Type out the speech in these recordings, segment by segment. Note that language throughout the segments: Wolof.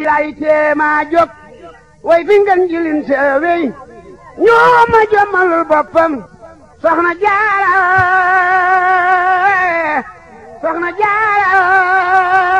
lay tee maa jóg way fi ngeen jilin seewey ma jëmmalul boppam soxna jaara soxna jaara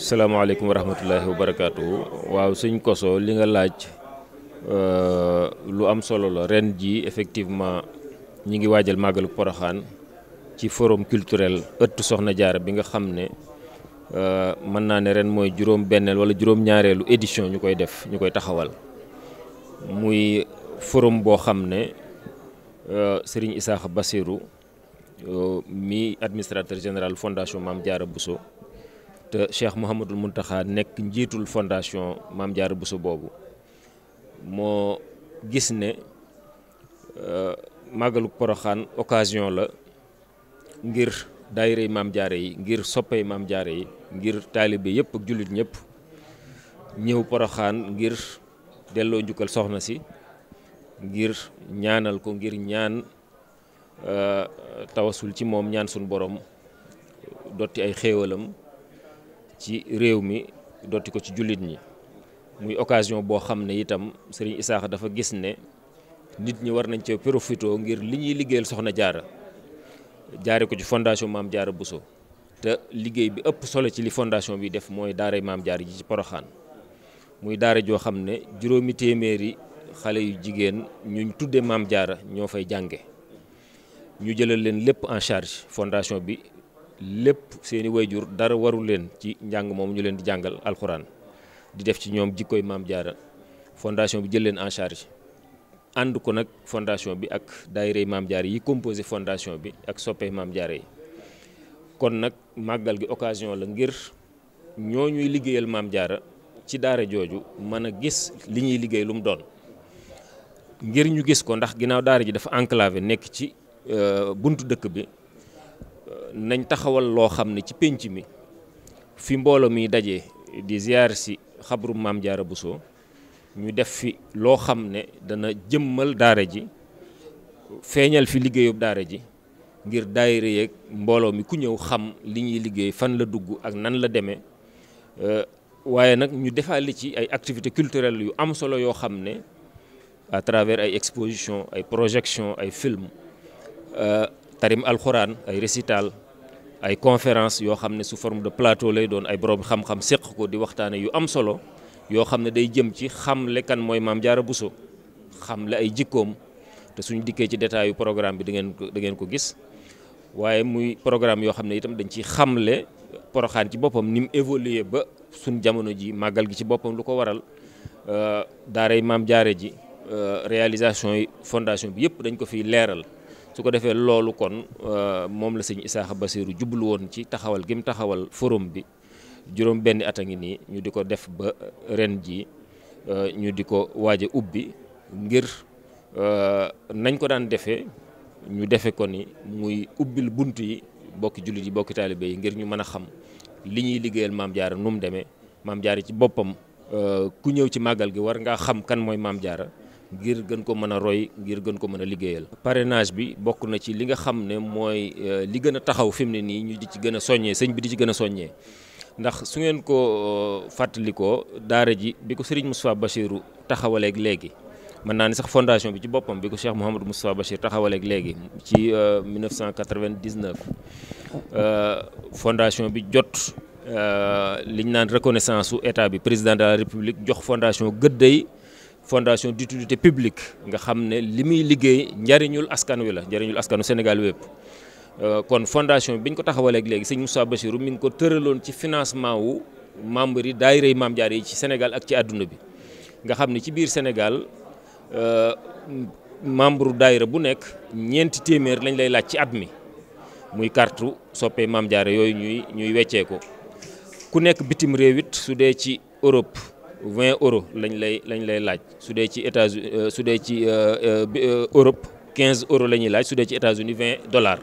salaamaaleykum wa rahmatullahi wa waaw sëñ Koso li nga laaj euh, lu am solo la ren ji effectivement ñi ngi waajal màggalu Poroxaan ci forum culturel ëttu Soxna Jaara bi nga xam ne euh, mën naa ne ren mooy juróom benneel wala juróom ñaareelu édition ñu koy def ñu koy taxawal muy forum boo xam ne euh, Serigne Isaaxa Basiru mi administrateur général fondation Maam Jaara Bousso te Cheikh Mouhamadul Mountakha nekk njiitul fondation Maam Diarra Bousso boobu moo gis ne euh, màggalu Poroxaan occasion la ngir daayirey Maam Diarra yi ngir soppey Maam Diarra yi ngir taalibe yëpp ak jullit ñëpp ñëw Poroxaan ngir delloo njukkal soxna si ngir ñaanal ko ngir ñaan euh, tawasul ci moom ñaan suñu borom dotti ay xéewalam ci réew mi dotti ko ci jullit ñi muy occasion boo xam ne itam sëriñ Isaaxa dafa gis ne nit ñi war nañ cee profité ngir li ñuy liggéeyal soxna jaara jaare ko ci fondation maam jaara Bousso te liggéey bi ëpp solo ci li fondation bi def mooy daara maam jaara ji ci poroxaan muy daara joo xam ne juróomi téeméeri xale yu jigéen ñu tuddee maam jaara ñoo fay jànge ñu jëlal leen lépp en charge fondation bi lépp seeni wayjur dara warul leen ci njàng moom ñu leen di jàngal alxuraan di def ci ñoom jikkoy maam jaara fondation bi jël leen en charge ànd ko nag fondation bi ak daayirey maam jaara yi composé fondation bi ak soppee maam jaara yi kon nag màggal gi occasion la ngir ñoo ñuy liggéeyal maam jaara ci daara jooju mën a gis li ñuy liggéey lu mu doon ngir ñu gis ko ndax ginnaaw daara ji dafa enclavé nekk ci euh, buntu dëkk bi nañ taxawal loo xam ne ci pénc mi fi mbooloo miy daje di ziar si xabru maam jaara Bousso ñu def fi loo xam ne dana jëmmal daara ji feeñal fi liggéeyub daara ji ngir daayira yeeg mbooloo mi ku ñëw xam li ñuy liggéey fan la dugg ak nan la demee euh, waaye nag ñu defale ci ay activités culturelles yu am solo yoo xam ne à travers ay exposition ay projection ay film euh, tarim alxuraan ay récital ay conférence yoo xam ne su forme de plateau lay doon ay borom xam-xam séq ko di waxtaane yu am solo yoo xam ne day jëm ci xamle kan mooy Maam Jaara Buso xamle ay jikkoom te suñu dikkee ci détail yu programme bi da ngeen ko da ko gis waaye muy programme yoo xam ne itam dañ ci xamle poroxaan ci boppam ni mu évolué ba suñ jamono ji màggal gi ci boppam lu ko waral euh, daaray Maam jaare ji euh, réalisation yi fondation bi yëpp dañ ko fiy leeral su ko defee loolu kon euh, moom la sëñ Isaaxa Basiru jublu woon ci taxawal gi taxawal forum bi juróom benn at a ngi nii ñu di ko def ba ren jii euh, ñu di ko waaj ubbi ngir euh, nañ ko daan defee ñu defe ko ni muy ubbil bunt yi bokki jullit yi bokki taalibe yi ngir ñu mën a xam li ñuy liggéeyal maam jaara nu mu demee maam jaara ci boppam ku ñëw ci màggal gi war ngaa xam kan mooy maam jaara ngir gën ko mën a roy ngir gën ko mën a liggéeyal. parrainage bi bokk na ci li nga xam ne mooy euh, li gën a taxaw fi mu ne nii ñu di ci gën a soññee sëñ bi di ci gën a soññee ndax su ngeen ko euh, fàttalikoo daara ji bi ko Serigne Moustapha Bachirou taxawaleek léegi. mën naa ne sax fondation bi ci boppam bi ko Cheikh Mouhamadou Moustapha Bachir taxawaleeg léegi ci 1999 euh, fondation bi jot liñ naan reconnaissance su état bi président de la république jox fondation gëddëy fondation d'utilité publique nga xam ne li muy liggéey njariñul askan wi la njariñul askanu Sénégal wépp euh, kon fondation bi ñu ko taxawaleeg léegi sëñ Moussa Bachirou mi ngi ko tëraloon ci financement wu membre yi daayira yi mam Jaara yi ci Sénégal ak ci àdduna bi nga xam ne ci biir Sénégal euh, membre daayira bu nekk ñeenti téeméer lañ lay laaj ci at mi muy kartu soppee Maam Jaara yooyu ñuy ñuy weccee ko ku nekk bitim réew it su dee ci Europe vingt euros lañ lay lañ lay laaj su dee ci États-Unis euh, su dee ci euh, euh, Europe quinze euros la ñuy laaj su dee ci États-Unis vingt dollars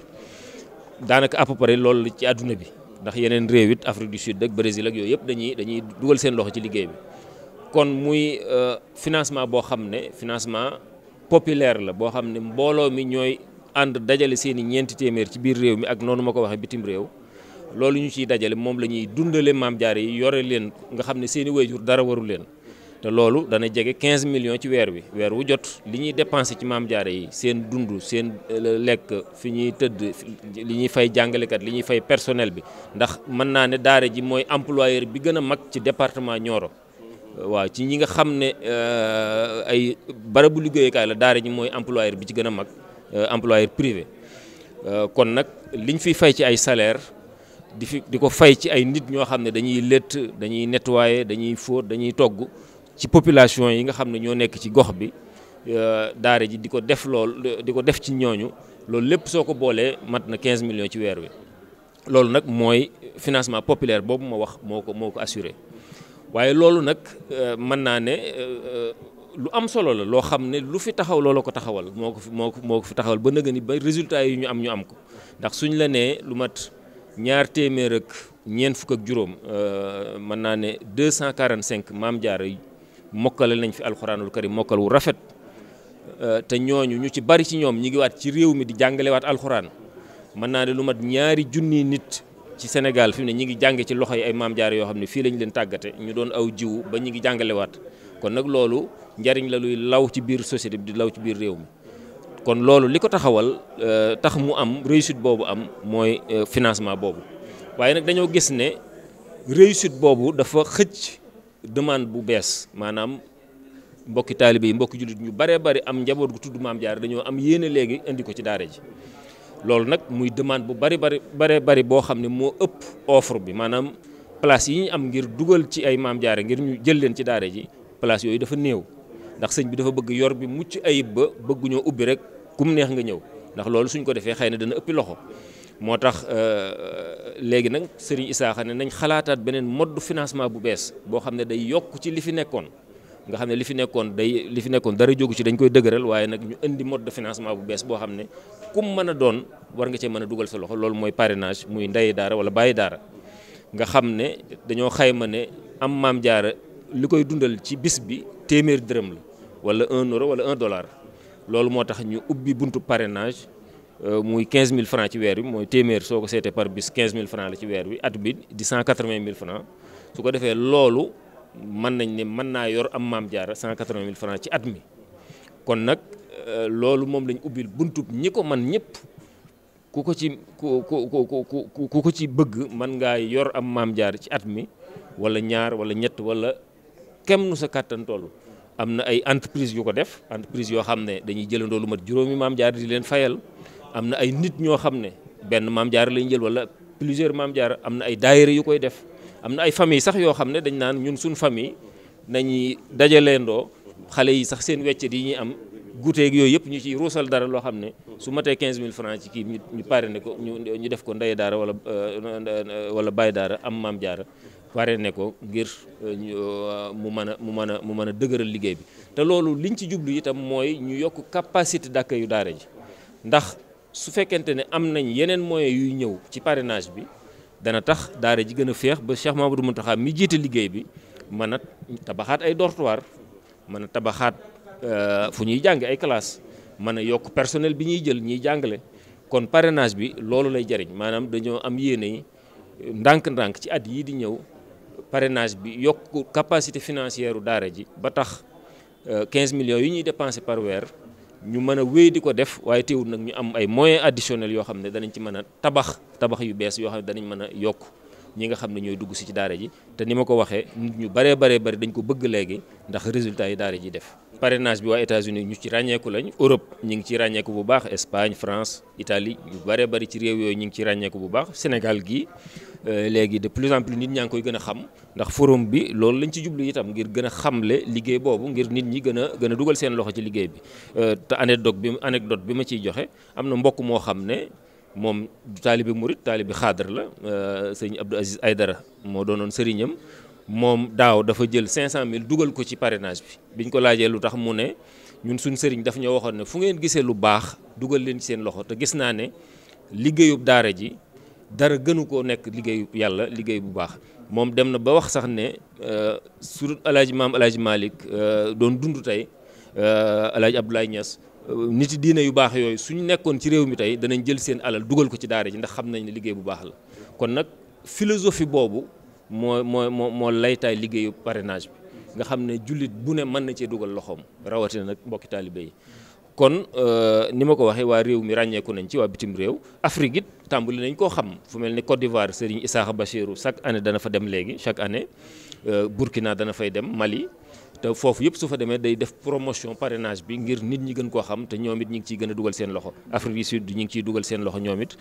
daanaka à peu près loolu ci àdduna bi ndax yeneen réew it Afrique du Sud ak Brésil ak yooyu yëpp dañuy dañuy dugal seen loxo ci liggéey bi kon muy financement boo xam ne financement populaire la boo xam ne mbooloo mi ñooy ànd dajale seen i ñeenti téeméer ci biir réew mi ak noonu ma ko waxee bitim réew loolu ñu ciy dajale moom la ñuy dundale maam jaare yi yore leen nga xam ne seeni way wayjur dara waru leen te loolu dana jege 15 millions ci weer wi weer wu jot li ñuy dépensé ci maam jaare yi seen dund seen euh, lekk fi ñuy tëdd li ñuy fay jàngalekat li ñuy fay personnel bi ndax mën naa ne daara ji mooy employeur bi gën a mag ci département Nioro waaw ci ñi nga xam ne euh, ay barabu liggéeyukaay la daara ji mooy employeur bi ci gën a mag euh, employeur privé kon di fi di ko fay ci ay nit ñoo xam ne dañuy létt dañuy nettoyer dañuy fóot dañuy togg ci population yi nga xam ne ñoo nekk ci gox bi euh, daare ji di ko def lool di ko def ci ñooñu loolu lépp soo ko boolee mat na quinze millions ci weer wi loolu nag mooy financement populaire boobu ma wax moo ko moo ko assuré waaye loolu nag euh, mën naa ne euh, lu am solo la loo xam ne lu fi taxaw loola ko taxawal moo ko moo ko moo ko fi taxawal ba nëgë ni ba résultat yi ñu am ñu am ko ñaar téeméer ak ñeent fukk ak juróom euh, mën naa ne 245 maam jaara mokkale nañ fi alxuraanul karim mokkal wu rafet euh, te ñooñu ñu ci bari ci ñoom ñi ngi waat ci réew mi di jàngalewaat alxuraan mën naa ne lu mat ñaari junni nit ci Sénégal fii mu ne ñi ngi jànge ci loxo yi ay maam jaara yoo xam ne fii lañ leen tàggate ñu doon aw jiw ba ñu ngi jàngalewaat kon nag loolu njariñ la luy law ci biir société bi di law ci biir réew mi kon loolu li ko taxawal euh, tax mu am réussite boobu am mooy euh, financement boobu waaye nag dañoo gis ne réussite boobu dafa xëcc demande bu bees maanaam mbokki taalibe yi mbokki jullit ñu baree bari am njaboot gu tudd maam jaar dañoo am yéena léegi indi ko ci daara ji loolu nag muy demande bu bari bari baree bari boo xam ne moo ëpp offre bi maanaam place yi ñu am ngir dugal ci ay maam jaare ngir ñu jël leen ci daare ji place yooyu dafa néew ndax sëñ bi dafa bëgg yor bi mucc ayib ba bëgguñoo ubbi rek kum neex nga ñëw ndax loolu suñ ko defee xëy na dana ëppi loxo moo tax euh, léegi nag sëriñ Isaaxa ne nañ xalaataat beneen mode financement bu bees boo xam ne day yokk ci li fi nekkoon nga xam ne li fi nekkoon day li fi nekkoon dara jógu ci dañ koy dëgëral waaye nag ñu indi mode de financement bu bees boo xam ne kum mën a doon war nga cee mën a dugal sa loxo loolu mooy parrainage muy ndey daara wala bàyyi daara nga xam ne dañoo xayma ne am maam jaara li koy dundal ci bis bi téeméer dërëm la wala un euro wala un dollar loolu moo tax ñu ubbi buntu parrainage euh, muy mille francs ci weer bi mooy téeméer soo ko seetee par bis 15000 francs la ci weer bi at bi di 180000 francs su ko defee loolu mën nañ ne mën naa yor am maam jaara 180000 francs ci at mi kon nag euh, loolu moom lañ ubbil buntub ñi man ñëpp ku ci ku ku ku ku ci bëgg mën ngaa yor am maam jaara ci at mi wala ñaar wala ñett walla kem nu sa kàttan toll am na ay entreprise yu ko def entreprise yoo xam ne dañuy jëlandoo lu mat juróomi maam jaar di leen fayal am na ay nit ñoo xam ne benn maam jaar lañ jël wala plusieurs maam jaar am na ay daayira yu koy def am na ay famille sax yoo xam ne dañ naan ñun suñ famille nañuy dajaleendoo xale yi sax seen weccet yi ñuy am guteeg yooyu yëpp ñu ciy ruusal dara loo xam ne su matee mille francs ci kii ñu ñu pare ne ko ñu def ko ndey daara wala euh, euh, wala bàyyi daara am jaara ne ko ngir euh, euh, mu mën a mu mën a mu mën a dëgëral liggéey bi te loolu liñ ci jublu itam mooy ñu yokk capacité d'accueil yu daara ji ndax su fekkente ne am nañ yeneen moyens yuy ñëw ci parrainage bi dana tax daara ji gën a féex ba Cheikh Mamadou Mountakha mi jiite liggéey bi mën a tabaxaat ay dortoir mën a tabaxaat euh, fu ñuy jàng ay classes mën a yokk personnel bi ñuy jël ñuy jàngale kon parenage bi loolu lay jariñ maanaam dañoo am yéene yi ndànk-ndànk ci at yii di ñëw parenage bi yokk capacité financière u daara ji ba tax euh, quinze millions yi ñuy dépensé par weer ñu mën a wéy di ko def waaye teewul nag ñu am ay moyens additionnels yoo xam ne danañ ci mën a tabax tabax yu bees yoo xam ne danañ mën a yokk ñi nga xam ne ñooy dugg si ci daare ji te ni ma ko waxee nit ñu baree baree bari dañ ko bëgg léegi ndax résultat yi daara ji def parrainage bi waa États-Unis ñu ci ràññeeku lañu Europe ñu ngi ci ràññeeku bu baax Espagne France Italie ñu bare bari ci réew yooyu ñu ngi ci ràññeeku bu baax Sénégal gii euh, léegi de plus en nit ñaa ngi koy gën a xam ndax forum bi loolu lañ ci jublu itam ngir gën a xamle liggéey boobu ngir nit ñi gën a gën a dugal seen loxo ci liggéey bi euh, te anecdote bi anecdote bi ma ciy joxe am na mbokk moo xam ne moom taalibi murit taalibi xaadar la euh, sëñ Abdou Aziz Aydara moo doonoon sëriñam moom daaw dafa jël 500000 dugal ko ci parrainage bi biñ ko laajee lu tax mu ne ñun suñ sëriñ daf ñoo waxoon ne fu ngeen gisee lu baax dugal leen ci seen loxo te gis naa ne liggéeyub daara ji dara gënu koo nekk liggéeyub yàlla liggéey bu baax. moom dem na ba wax sax ne euh, su alaaji maam alaaji Malick euh, doon dund tey euh, alaaji Abdoulaye Niass nit diina yu baax yooyu suñu nekkoon ci réew mi tey danañ jël seen alal dugal ko ci daara ji ndax xam nañ liggéey bu baax la kon nag philosophie boobu. moo moo moo moo laytaay liggéeyu parrainage bi nga xam ne jullit bu ne mën na cee dugal loxoom rawatina nag mbokki taalibe yi kon euh, ni ma ko waxee waa réew mi ràññeeku nañ ci waa bitim réew Afrique it tàmbali nañ koo xam fu mel ni Côte d'Ivoire Serigne Isaaxa Bachirou chaque année dana fa dem léegi chaque année euh, Burkina dana fay dem Mali te foofu yëpp su fa demee day def promotion parrainage bi ngir nit ñi gën koo xam te ñoom it ñu ngi ciy gën a dugal seen loxo Afrique du Sud ñu ngi ciy dugal seen loxo ñoom it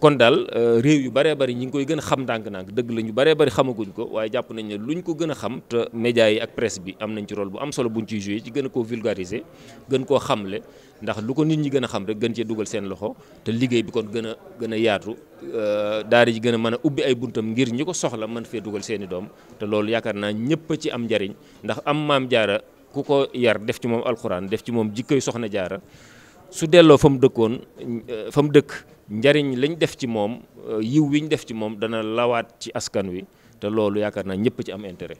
kon daal euh, réew yu baree bari ñi ngi koy gën a xam ndànk-ndànk dëgg la ñu baree bari xamaguñ ko waaye jàpp nañ ne luñ ko gën a xam te médias yi ak presse bi am nañ ci role bu am solo buñ ciy joué ci gën a koo vulgariser gën koo xamle ndax lu ko nit ñi gën a xam rek gën cee dugal seen loxo te liggéey bi kon gën a gën a yaatu euh, daara ji gën a mën a ubbi ay buntam ngir ñi ko soxla mën fee dugal seeni doom te loolu yaakaar naa ñëpp a ci am njariñ ndax am maam jaara ku ko yar def ci moom alxuraan def ci moom jikkoy soxna jaara su delloo fa mu dëkkoon euh, fa mu dëkk njariñ lañ def ci moom euh, yiw wiñ def ci moom dana lawaat ci askan wi te loolu yaakaar naa ñëpp ci am intérêt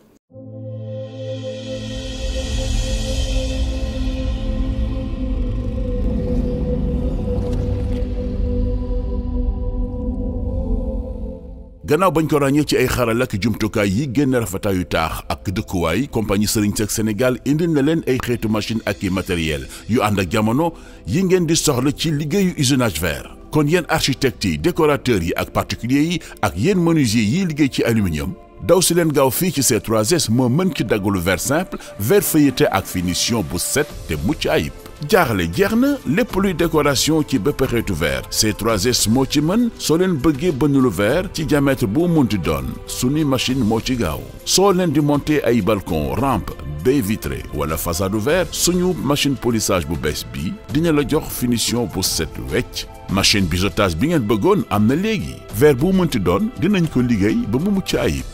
gannaaw bañ ko ràññee ci ay xaral ak jumtukaay yi génn rafetaayu taax ak dëkkuwaay compagnie Serigne Seck Sénégal indil na leen ay xeetu machine ak i matériel yu ànd ak jamono yi ngeen di soxla ci liggéeyu usinage verre kon yéen architecte yi décorateur yi ak particulier yi ak yéen menuisier yiy liggéey ci aluminium daw si leen gaaw fii ci ces 3S moo mën ci daggalu verre simple verre feuilleté ak finition bu set te mucc ayib. jaaxle jeex na lépp luy décoration ci bépp xeetu verre ces 3S moo ci mën soo leen bëggee ba bënn lu ver ci diamètre bu munti doon suñu machine moo ci gaaw soo leen di monter ay balcon rampe baie vitrée wala façade verre suñu machine polissage bu bees bi dina la jox finition bu set wecc bi biseautage bi ngeen bëggoon am na léegi ver bu munti doon dinañ ko liggéey ba mu mucc ayib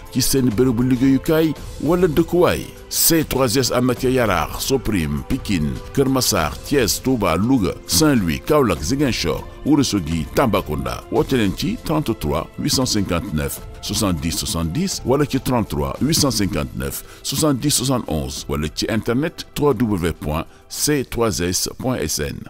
ci seen bërëbu liggéeyukaay wala dëkkuwaay C3S am na ca Yaraax Soprim Pikine Kër Massar Thiès Touba Louga Saint-Louis Kaolack Ziguinchor Ourossogui Tambacounda woote leen ci 33 859 70 70 wala ci 33 859 70 71 wala ci internet wwwc 3 n